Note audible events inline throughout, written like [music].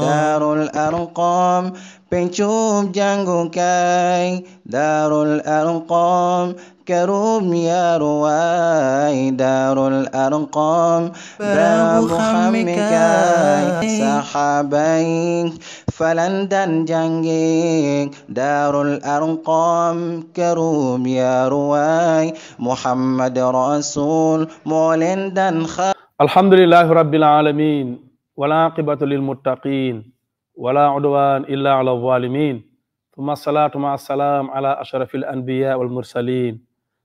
daarul arqam pencum jàngukaay daarul arqam kërum yaruwaay daarul arqam baabu xamikaay saxaabay falandan jàngee daarul arqam kërum yaruwaay muhammad rasul moo leen dan xa alhamdulilahi rabbil alamin wala aqibatu lil muttaqin wala udwan illa ala zalimin thumma asalaatu ma assalaam ala ashrafi al anbiya wal mursalin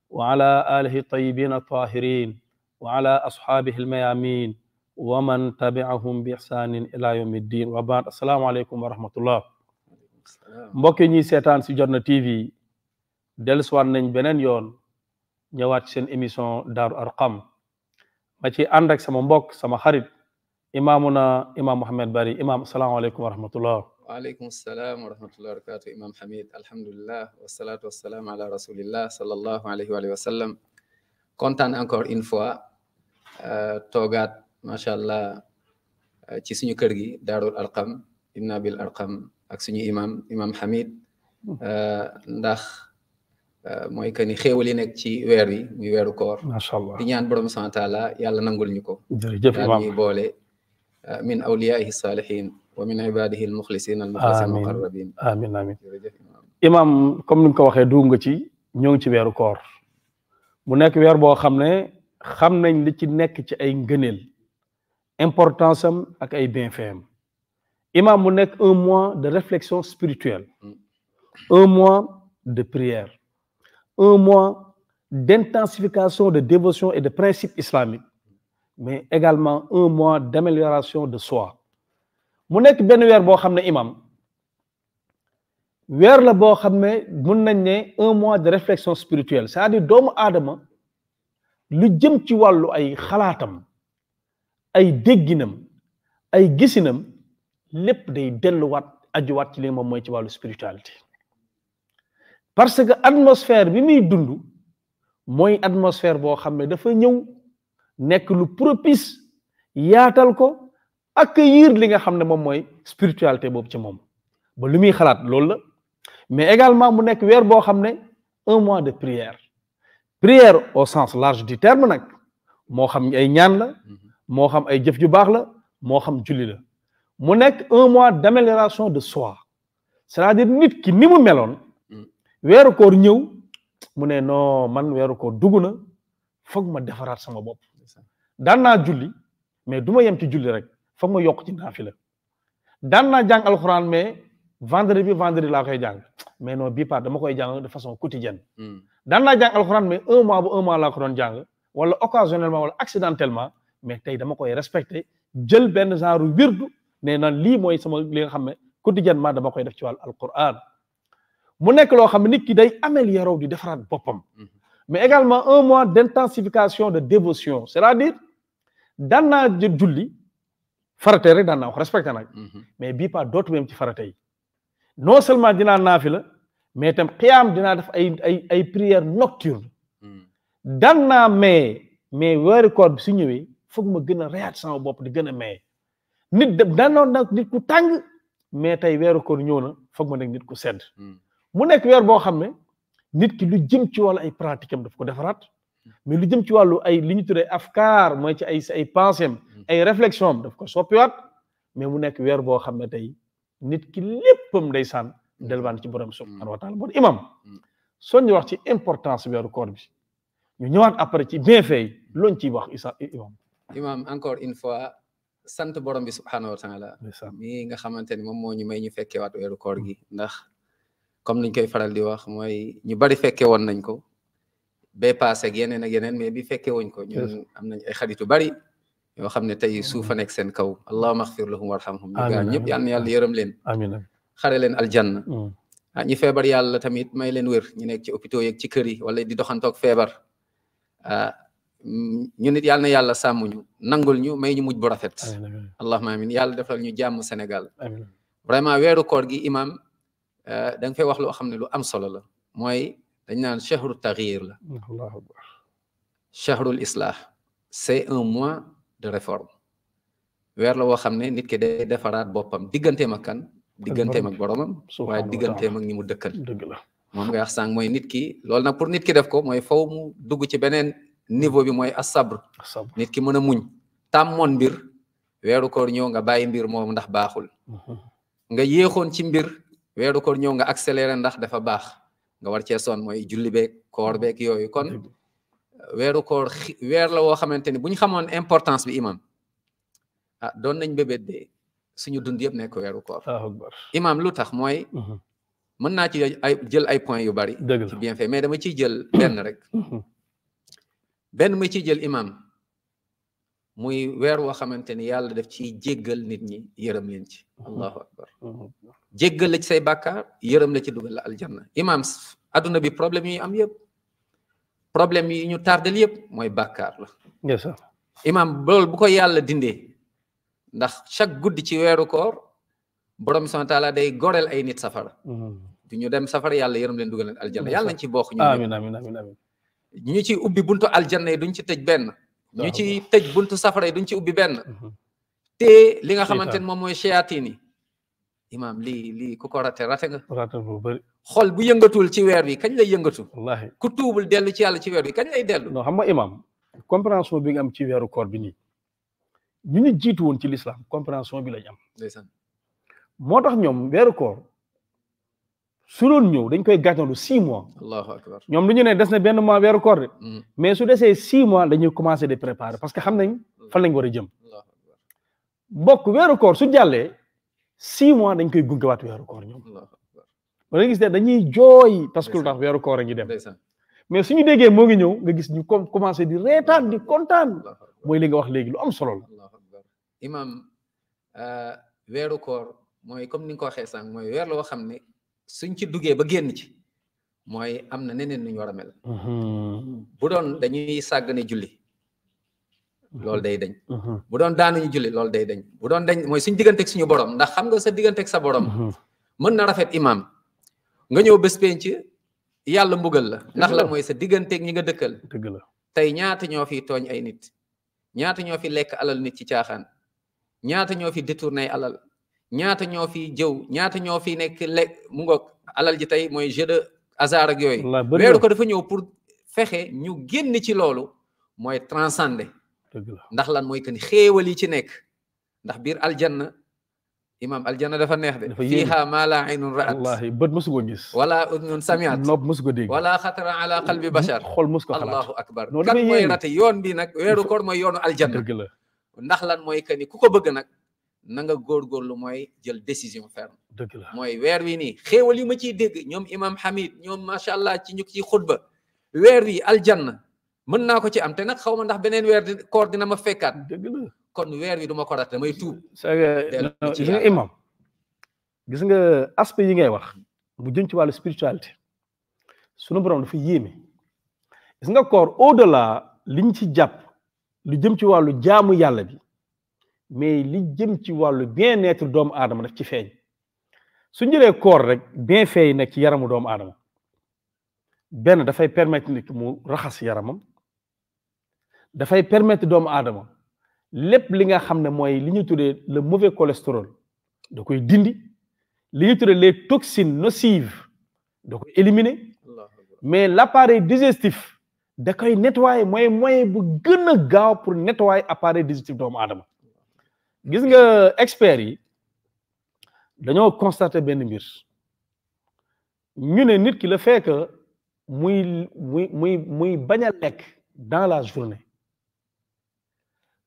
wa ala alihi tayyibin tahirin wa ala ashabihi al mayamin wa man tabi'ahum bi ihsanin ila yawmi ddin wa ba'd assalamu alaykum wa rahmatullah mbokk ñi seetaan si Jotna TV dellusiwaat nañ beneen yoon ñëwaat seen émission Daaru Arqam ma ci ànd ak sama mbokk sama xarit imaamuna imaam Mouhamed Bari imaam salaamaaleykum wa rahmatullah waaleykum salaam wa rahmatullah wa barakatu imaam Hamid alhamdulilah wasalaatu wasalaam ala rasulillah sallallahu alayhi wa sallam kontaan encore une fois euh, toogaat macha allah euh, ci suñu kër gi daarul arqam ibn abil arqam ak suñu imaam imaam Hamid hmm. euh, ndax mooy que ni xéewal yi nekk ci weer wi muy weeru koor. macha ñaan borom sant la yàlla nangul ñu ko. jërëjëf boole. min awliyaahi saalihiin wa min ibaadihi almuxlisiin almuxlisiin almuqarrabiin amiin amiin imaam comme ni nga ko waxee dugg nga ci ñoo ngi ci weeru koor mu nekk weer boo xam ne xam nañ li ci nekk ci ay ngëneel importance am ak ay bienfait am imaam mu nekk un mois de réflexion spirituelle mm. un mois de prière un mois d'intensification de dévotion et de principes islamiques mais également un mois d'amélioration de soi mu nekk benn weer boo xam ne imam weer la boo xam ne mun nañ ne un mois de réflexion spirituelle c'est-à-dire doomu aadama lu jëm ci wàllu ay xalaatam ay dégginam ay gisinam lépp day delluwaat ajuwaat ci li moom mooy ci wàllu spiritualité parce que atmosphère bi muy dund mooy atmosphère boo xam ne dafa ñëw nekk lu propice yaatal ko ak accueillir li nga xam ne moom mooy spiritualité boobu ci moom ba lu muy xalaat loolu la mais également mu nekk weer boo xam ne un mois de prière prière au sens large du terme nag moo xam ay ñaan la moo xam ay jëf ju baax la moo xam julli la mu nekk un mois d'amélioration de soi c'est-à-dire nit ki ni mu meloon weeru koor ñëw mu ne noo man weeru koor dugg na foog ma defaraat sama bopp daan naa julli mais du ma yem ci julli rek foog ma yokk ci naafila daan naa jàng alxuraan mais vendredi bi vendredi laa koy jàng mais non bii part dama koy jàng de façon quotidienne hmm. daan naa jàng alxuraan mais un mois bu un mois laa ko doon jàng wala occasionnellement wala accidentellement mais tey dama koy respecté jël benn genre wirdu nee na lii mooy sama li nga xam ne quotidiennement dama koy def ci wàllu alquran mu nekk loo xam ne nit ki day améliorer di defaraat boppam hmm. mais également un mois d' intensification de dévotion c' est à daan naa julli farate rek daan naa wax respecté nag mhm. mais bii pas dootuma yem ci farate yi non seulement dinaa naafila mais itam xiyaam dinaa def ay ay ay prière nocturne mhm. daan naa maye mais weeri koor su ñëwee foog ma gën a reyaat sama bopp di gën a mais nit daan noon nag nit ku tàng mais tey weeru ñëw na foog ma nekk nit ku sedd mhm. mu nekk weer boo xam ne nit ki lu jëm ci wala ay pratiquem daf ko defaraat mais lu jëm ci wàllu ay li ñu tuddee afkaar mooy ci ay ay pensem mm. ay réflexion am daf ko soppiwaat mais mu nekk weer boo xam ne tey nit ki léppam ndeysaan mm. delwaan ci borom subhanahu mm. wa taala bon imam soo wax ci importance weeru koor bi ñu ñëwaat après ci bienfait yi ciy wax isa imam imam encore une fois sant borom bi subhanahu wa taala mi nga xamante ni moom moo ñu may ñu fekkewaat weeru koor gi ndax comme nañ koy faral di wax mooy ñu bari fekke woon nañ ko bee paase ak yeneen ak yeneen mais bi fekkee wuñ ko ñun am nañ ay xarit yu bari yoo xam ne tey suufa nekk seen kaw allahuma axfir lahum warhamhum ñu gaa ñëpp yal na yàlla yërëm leen xare leen aljanna mm. ah ñi feebar yàlla tamit may leen wér ñu nekk ci hôpitaux yeeg ci kër yi wala di doxantoog feebar ah, ñu nit yàlla yàlla sàmm ñu ñu may ñu mujj bu rafet allahuma amin yàlla defal ñu jàmm senegal vraiment weeru koor gi imam ah, da nga fay wax loo xam ne lu am solo la dañ naan chahru taxir la allahu akbar chahrul islah c'est un mois de réforme weer la woo xam ne nit ki day defaraat boppam diggante ma kan digganteem ak boromam waaye digganteem ak ñi mu dëkkal dëgg nga wax sànq mooy nit ki loolu nag pour nit ki def ko mooy faw mu dugg ci beneen niveau bi mooy asabr nit ki mën a muñ tàmmoon mbir weeru ko ñëw nga bàyyi mbir moom ndax baaxul mhm. nga yéexoon ci mbir weeru ko ñëw nga accéléré ndax dafa baax nga war cee sonn mooy julli beeg koor mm-hmm. beeg yooyu kon weeru koor weer la woo xamante ni bu ñu xamoon importance bi imam ah doon nañ bébét de suñu dund yëpp nekk weeru koor imam lu tax mooy mm-hmm. mën naa ci ay jël ay points yu bari ci bien fait mais dama ciy jël ben rek mm-hmm. benn ma ciy jël imam muy weer woo xamante ni yàlla def ci jéggal nit ñi yërëm leen ci mhm. allahu akbar mhm. Mhm. jéggal la ci say bàkkaar yërëm la ci dugal la aljanna imaam adduna bi problème yi am yëpp problème yi ñu tardel yëpp mooy bàkkaar la imaam loolu bu koy yàlla dindee ndax chaque guddi ci weeru koor borom subhanahu wa day goreel ay nit safara du ñu dem safara yàlla yërëm leen dugal leen aljanna yàlla nañ ci bokk ñu ci ubbi buntu aljanna yi duñ ci tej benn ñu ci tëj buntu safara yi duñ ci ubbi benn mhm. te li nga xamante ne moom mooy shayatin yi imaam lii lii ku ko rate rate nga xol bu yëngatuwul ci weer bi kañ lay yëngatu ku tuubul dellu ci yàlla ci weer bi kañ lay dellu non xam nga imaam compréhension bi nga am ci weeru koor bi nii ñu ñu jiitu woon ci lislaam compréhension bi lañ am ndeysaan moo tax ñoom weeru koor su doon ñëw dañ koy gàttalu six mois. allahu ñoom lu ñu ne des na benn mois weeru koor de. Mm. mais su desee six mois dañuy commencé di préparer parce que xam nañ fan lañ war a jëm. bokk weeru koor su jàllee six mois dañ koy gungewaat weeru koor ñoom. ba nga gis ne dañuy jooy parce que lu tax weeru koor a ngi dem. mais suñu déggee moo ngi ñëw nga gis ñu commencé di reetaan di kontaan mooy li nga wax léegi lu am solo la. imaam euh, weeru koor mooy comme ni nga ko waxee sànq mooy weer la woo xam ne. suñ ci duggee ba génn ci mooy am na neneen nu ñu war a mel bu doon dañuy sàggane julli loolu day dañ bu doon daanuñu julli loolu day dañ bu doon dañ mooy suñ digganteeg suñu borom ndax xam nga sa digganteeg sa borom mën na rafet imaam nga ñëw bés penc yàlla mbugal la ndax la mooy sa digganteeg ñi nga dëkkal dëgg tey ñaata ñoo fi tooñ ay nit ñaata ñoo fi lekk alal nit ci caaxaan ñaata ñoo fi détourné alal ñaata ñoo fi jëw ñaata ñoo fi nekk lekk mu nga alal ji tey mooy jeu de hasard ak yooyu ko dafa ñëw pour fexe ñu génn ci loolu mooy transcender ndax lan mooy que ni xéewal yi ci nekk ndax biir aljanna imam aljanna dafa neex de fiiha maa laa aynun ra'at wallaahi bët mësu ko gis wala udnun samiat nopp wala xatara ala qalbi ko xalaat allahu akbar kan mooy rate yoon bi nag weeru koor yoonu aljanna dëgg la ndax lan mooy que ni ku ko bëgg nag na góor góorgóorlu mooy jël décision ferme mooy weer wi nii xéewal yi ma ciy dégg ñoom imam Hamid ñoom macha allah ci ñu ci xutba weer wi aljanna mën naa ko ci am te nag xaw ma ndax beneen weer di koor dina ma fekkaat kon weer wi du ma ko rat damay tuub gis nga imam gis nga aspect yi ngay wax bu jëm ci wàllu spiritualité sunu borom dafa yéeme gis nga koor au delà liñ ci jàpp lu jëm ci wàllu jaamu yàlla bi mais li jëm ci wàllu bien-être doomu aadama daf ci feeñ su njëlee koor rek bien feey nekk ci yaramu doomu adama benn dafay permettre nit mu raxas yaramam dafay permettre doomu aadama lépp li nga xam ne mooy li ñu tuddee le mauvais cholestérol da koy dindi li ñu tuddee les toxines nocives da koy éliminer mais l'appareil digestif da koy nettoyer mooy moyen bu gën a gaaw pour nettoyer appareil digestif doomu adama gis nga experts yi dañoo constater benn mbir ñu ne nit ki la fait muy muy muy muy bañ a lekk dans la journée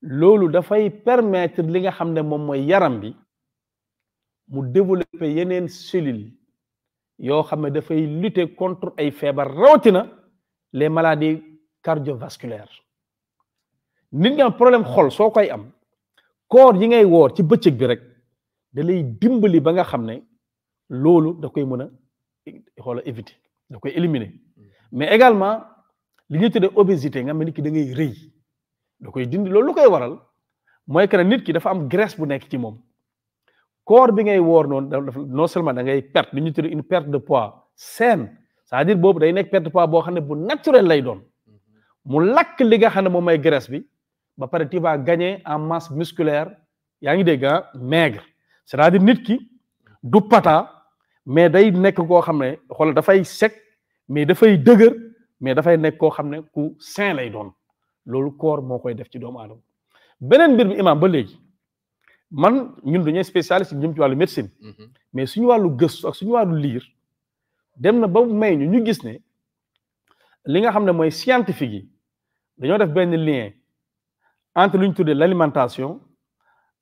loolu dafay permettre li nga xam ne moom mooy yaram bi mu développer yeneen cellules yoo xam ne dafay lutter contre ay feebar rawatina les maladies cardiovasculaires nit nga am problème xol soo koy am. koor yi ngay woor ci bëccëg bi rek da dimbali ba nga xam ne loolu da koy mën a xoola éviter da koy éliminer mais également li ñuy tuddee obésité nga xam ne nit ki da ngay rëy da koy dindi loolu lu koy waral mooy que ne nit ki dafa am grace bu nekk ci moom koor bi ngay woor noonu dafa non seulement da ngay perte li ñuy tuddee une perte de pois saine cest dire boobu day nekk perte de poids boo xam ne bu naturel lay doon mu lakk li nga xam ne moom mooy graisse bi ba pare tu vas en masse musculaire yaa ngi dégg ah maigre c'est-à-dire nit ki du pata mais day nekk koo xam ne xool dafay sec mais dafay dëgër mais dafay nekk koo xam ne ku sain lay doon loolu koor moo koy def ci doomu aadama beneen mbir bi imaam ba léegi man ñun dañuy spécialiste ñu jëm ci wàllu médecine mhm. mais suñu wàllu gëstu ak suñu wàllu liir dem na ba may ñu ñu gis ne li nga xam ne mooy scientifique yi dañoo def benn lien entre lu ñu tuddee l'alimentation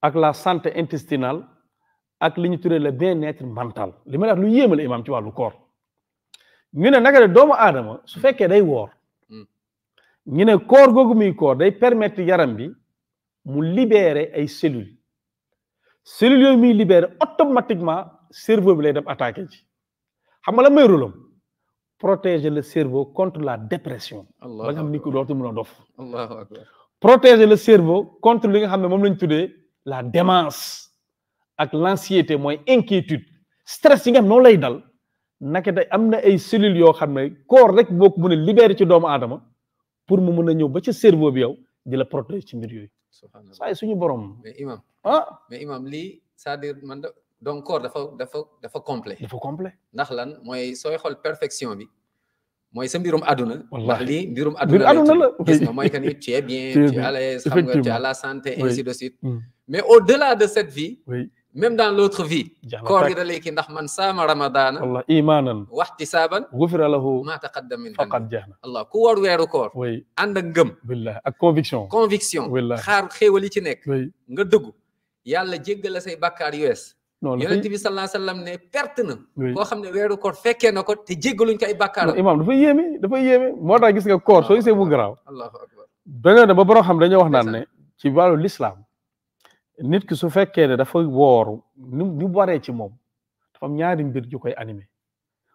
ak la santé intestinal ak li ñu tuddee le bien-être mental li ma la wax lu yéemale imaam ci wàllu koor ñu ne naka de doomu aadama su fekkee day woor hmm. ñu ne koor googu muy koor day permettre yaram bi mu libérer ay cellules cellules yooyu muy libérer automatiquement cerveau bi lay dem attaque ji xam nga la may rôlam protéger le cerveau contre la dépression ba nga xam ni ko dootu a dof protéger la cerveau contre li nga xam ne moom lañ tuddee la démance ak l'anxiété mooy inquiétude stress yi nga xam lay dal naka tey am na ay cellules yoo xam ne corps rek boo ko mën a ci doomu aadama pour mu mën a ñëw ba ci cerveau bi yow di la protéger ci mbir yooyu saa suñu borom mais imam ah mais imam lii c'est-à-dire man donc corps dafa dafa dafa complet dafa complet ndax lan mooy sooy xool perfection bi mooy sa mbirum àdduna. wallaahi lii mbirum mooy que ni tu bien. tu es santé ainsi de suite. Mm. mais au delà de cette vie. même dans l'autre vie. koor gi da lay kii ndax man saama ramadaana. wallaahi wax waxtisaaban. gufira lahu maa taqaddama min faqad jaana. allah ku war weeru koor. oui ànd ak conviction. conviction xaar xéewal yi ci nekk. nga dëggu yàlla jéggal la say bakkaar non yonent bi sallallahu alayhi wa sallam ne perte na. koo xam ne weeru koor fekkee na ko te jéggaluñ ko ay bàkkaar. imaam dafa yéeme dafa yéeme moo tax gis nga koor soo gisee mu garaaw. allahu akbar dañoo ba borom xam dañoo wax naan ne. ci wàllu lislaam nit ki su fekkee ne dafa wooru ni mu waree ci moom dafa am ñaari mbir ju koy anime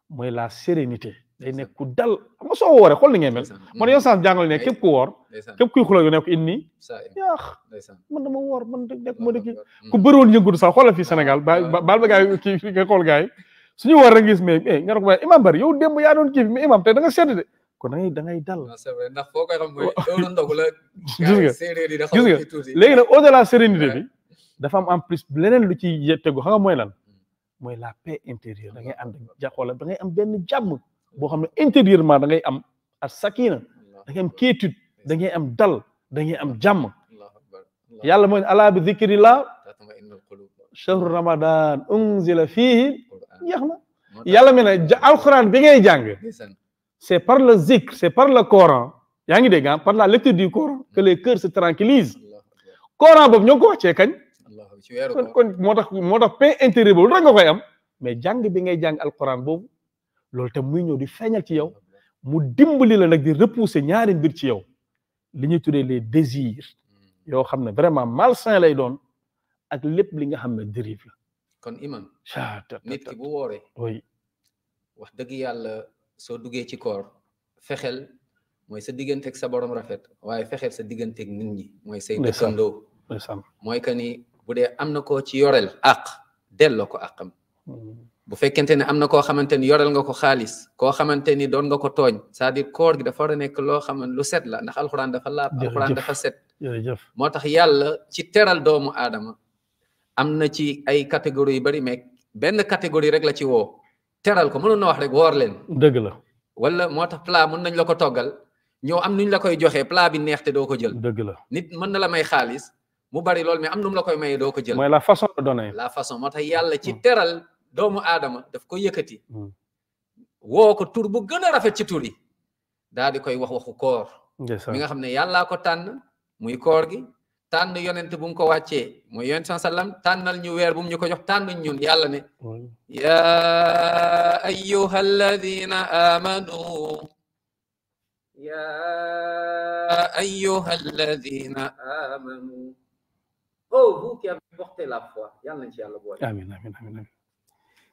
mooy la sérénité. day nekk ku dal xam nga soo wooree xool ni ngay mel man yow ne képp ku woor képp kuy xuloo yu nekk inni yaax man dama woor man nekk ku bëriwoon yëngudu sax xoolal fii Sénégal ba mm. baal ba gaay kii nga xool gaay suñu gis mais eh, nga ne ko waaye imam bari yaa doon kii bi imam tey da nga sedd de kon da ngay da ngay dal ah, ndax foo koy xam la [laughs] gis nga gis nga léegi nag au delà sérénité bi dafa am en plus leneen lu ci tegu xam nga mooy lan mm. mooy la paix intérieure da ngay ànd ja xoolal da ngay am benn jàmm boo xam ne intérieurement da ngay am ak sakina da ngay am quiétude da ngay am dal da ngay am jàmm yàlla mooy ala bi zikrillah shahru ramadan unzila fihi jeex na yàlla me ne alquran bi ngay jàng c' est par le zikr c' par le coran yaa ngi dégg ah, par la lecture du coran que hmm. les cœurs se tranquillisent coran boobu ñoo ko wàccee kañ kon moo tax moo tax paix boobu lu tax koy am mais jàng bi ngay jàng alquran boobu loolu te muy ñëw di feeñal ci yow mu dimbali la nag di repousser ñaari mbir ci yow li ñuy tuddee les désirs yoo xam ne vraiment malsain lay doon ak lépp li nga xam ne dérive la. kon imam nit ki bu wooree. oui wax dëgg yàlla soo duggee ci koor fexeel mooy sa digganteeg sa borom rafet waaye fexeel sa digganteeg nit ñi mooy say dëkkandoo mooy que ni bu dee am na koo ci yoreel àq delloo ko àqam hmm. bu fekkente ne am na koo xamante ni yoral nga ko xaalis koo xamante ni doon nga ko tooñ c'est-à-dire koor gi dafa war a nekk loo xam lu set la ndax alxuraan dafa laab alxuraan dafa set moo tax yàlla ci teral doomu aadama am na ci ay catégorie yu bari mais benn catégorie rek la ci woo teral ko mënoon na wax rek woor leen dëgg la wala moo tax plat mun nañ la ko toggal ñoo am nuñ la koy joxe plat bi neex te doo ko jël dëgg la nit mën na la may xaalis mu bari lool mais am nu la koy may doo ko jël mooy la façon de donner la façon moo tax yàlla doomu aadama def ko yëkkati hmm. woo ko tur bu gën a rafet ci tur yi daal di koy wax waxu koor mi nga xam ne yàllaa ko tànn muy koor gi tànn yonent bu ko wàccee mooy yonent sa sallam tànnal ñu weer bu ñu ko jox tànn ñun yàlla ne yaa ayyuha alladina amanu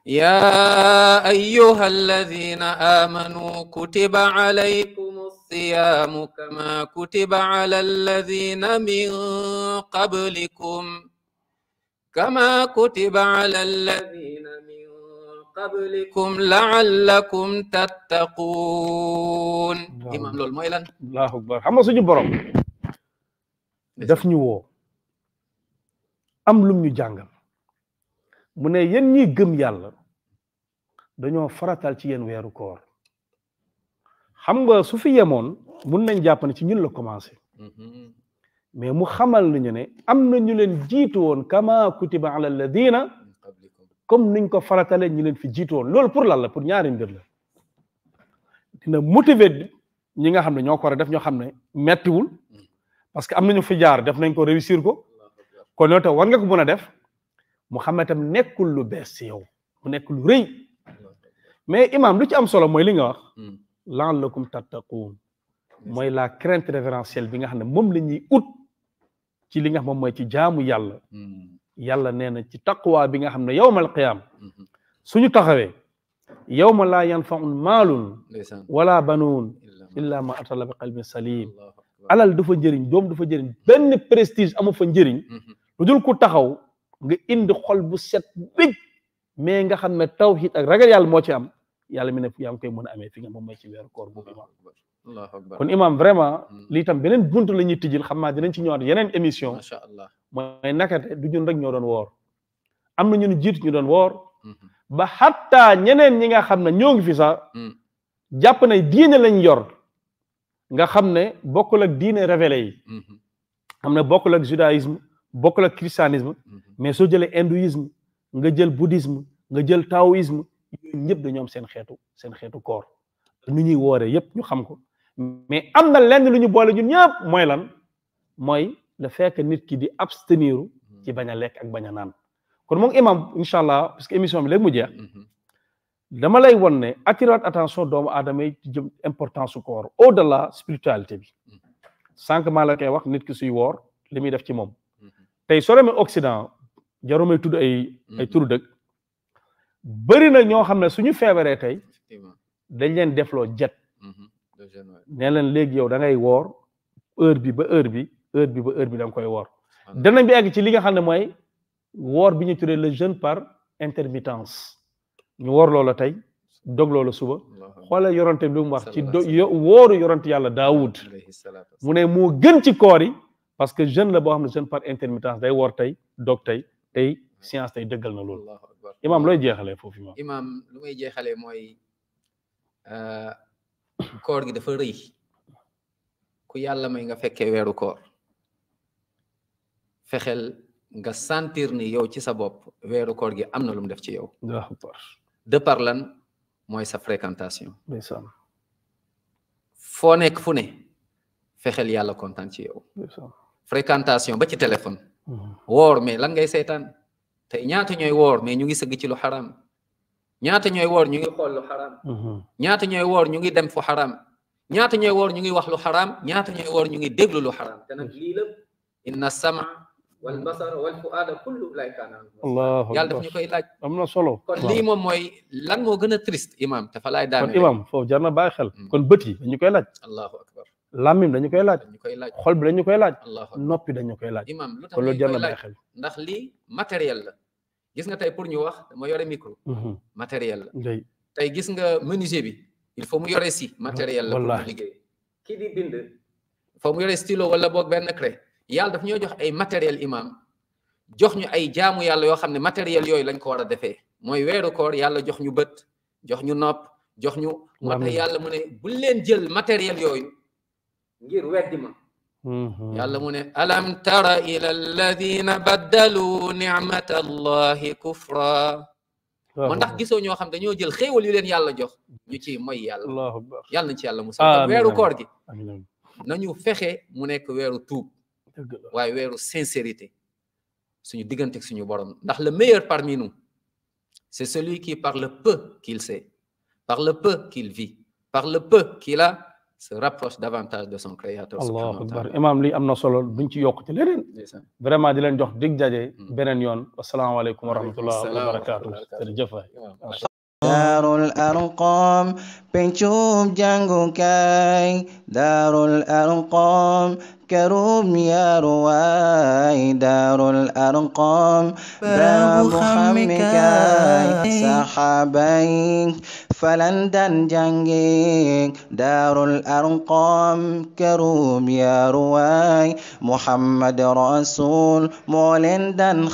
يا أيها الذين آمنوا كتب عليكم الصيام كما كتب على الذين من قبلكم كما كتب على الذين من قبلكم لعلكم تتقون imaam loolu mooy lan Allahu akbar xam nga suñu borom daf ñu woo am lum ñu jàngal mu ne yéen ñi gëm yàlla dañoo faratal ci yéen weeru koor xam nga su fi yemoon mun nañ jàpp ne ci ñun la commencé mais mu xamal nañu ne am na ñu leen jiitu woon kama kutiba ala alladina comme niñ ko faratalee ñu leen fi jiitoon loolu pour lan la pour ñaari mbir la dina motiver ñi nga xam ne ñoo ko a def ñoo xam ne mettiwul mm. parce que am nañu fi jaar def nañ ko réussir ko kon yow te war nga ko mën a def Muhammad tam nekkul lu bees si yow mu nekkul lu rëy mais imam lu ci am solo mooy li nga wax la hmm. la'allakum tattaqun mooy la crainte révérentielle bi nga xam ne moom la ñuy ut ci li nga xam moom mooy ci jaamu yàlla hmm. yàlla nee na ci taqwa bi nga xam ne yow yawmal qiyaam hmm. suñu taxawee yawma laa yanfa'un maalun wala banuun illaa ma atalla bi alal du fa njëriñ doom du fa njëriñ benn prestige amu fa njëriñ lu dul ku taxaw nga indi xol bu set wécc mais nga xam ne taw tawhid ak ragal yàlla moo ci am yàlla mi ne yaa koy mën a amee fi nga moom mooy ci weeru koor boobu imaam vraiment hmm. lii tam beneen bunt la ñuy tijjil xam naa dinañ ci ñëwaat yeneen émission macha allah mooy nakate du ñun rek ñoo doon woor am na ñun jiitu doon woor hmm. ba xatta ñeneen ñi nga xam ne ñoo ngi fi sax hmm. jàpp ne diine lañ yor nga xam ne bokkul ak diine révélé yi xam ne bokkul ak judaïsme bokkul ak christianisme mhm. mais soo jëlee hindouisme nga jël bouddhisme nga jël taoïsme yooyu ñëpp dañoo seen xeetu seen xeetu koor nu ñuy woore yëpp ñu xam ko mais am na lenn lu ñu boole ñun ñëpp mooy lan mooy la fekk nit ki di abstenir mhm. ci bañ a lekk ak bañ naan kon moom imam incha allah parce que émission bi léegi mu jeex mhm. dama lay won ne attirer attention doomu aadama yi jëm importance su koor au delà spiritualité bi sànq maa la koy wax nit ki suy woor li muy def ci moom. tey soo demee Occident jarumay tudd ay ay mm-hmm. turu dëkk bëri na ñoo xam ne suñu feebaree tey dañ leen defloo jet mm-hmm. nee leen léegi yow da ngay woor heure bi ba heure bi heure bi ba heure bi da koy woor ah, dana bi egg ci li nga xam ne mooy woor bi ñu tuddee le jeûne par intermittence ñu woor loola tey dog loola suba xoola yorante bi lu mu wax ci do wóoru yorante yàlla Daawud mu ne moo gën ci koor yi parce que jeune la boo xam ne jeune par intermittence day woor tey doog tey tey science tey dëggal na loolu imaam looy jeexalee foofu imaam imaam lu may jeexalee mooy euh, koor gi dafa rëy ku yàlla may nga fekke weeru koor fexeel nga sentir ni yow ci sa bopp weeru koor gi am na lum def ci yow de lan mooy sa fréquentation foo nekk fu ne fexeel yàlla kontaan ci yow fréquentation ba ci téléphone mhm. woor mais lan ngay seetaan tey ñaata ñooy woor mais ñu ngi sëgg ci lu xaraam ñaata ñooy woor ñu ngi mhm. ñaata ñooy woor ñu ngi dem fu xaram ñaata ñoy woor ñu ngi wax lu xaraam ñaata ñooy woor ñu ngi déglu lu xaraam te nag lii la inna sama wal basar wal fuaada kullu ulaika yàlla daf ñu koy laaj am na solo kon moom mooy lan moo gën a triste laay daane kon imam xel mm. kon bët ñu koy laaj làmmim dañu koy laaj. dañu koy laaj xol bi dañu koy laaj. noppi dañu koy laaj. imaam lu tax dañu koy laaj ndax lii matériel la. gis nga tey pour ñu wax dama yore micro. Mhm. matériel la. tey gis nga menuisier bi. il faut mu yore si matériel la. pour mu yore stylo wala boog benn craie. yàlla daf ñoo jox ay matériel imaam jox ñu ay jaamu yàlla yoo xam ne matériel yooyu lañ ko war a defee mooy weeru koor yàlla jox ñu bët jox ñu nopp jox ñu. moo tax yàlla mu ne bu leen jël matériel yooyu. ngir weddi ma mm-hmm. yàlla mu ne alam tara ila alladina baddalu nicmat allahi kufra ma ndax gisoo ñoo xam dañoo jël xéewal yu leen yàlla jox ñu ci mooy yàlla yàlla nañ ci yàlla musa weeru koor gi nañu fexe mu nekk weeru tuub waaye weeru sincérité suñu diggante ak suñu borom ndax le meilleur parmi nous c'est celui qui par le peu qu'il sait par le peu qu'il vit par le peu qu'il a se rapproche davantage de son créateur allahu akbar imaam lii am na solo buñ ci yokk ci leneen vraiment di leen jox dig daje hmm. beneen yoon asalaamaaleykum wa rahmatullah wa barakaatu jërëjëf waay daarul arqam pencum jàngukaay daarul arqam كروم يا رواي دار الأرقام باب خمك سحابيك falan daan jànge daarul arqam kërum yaruwaay muhammad rasul moo leen daan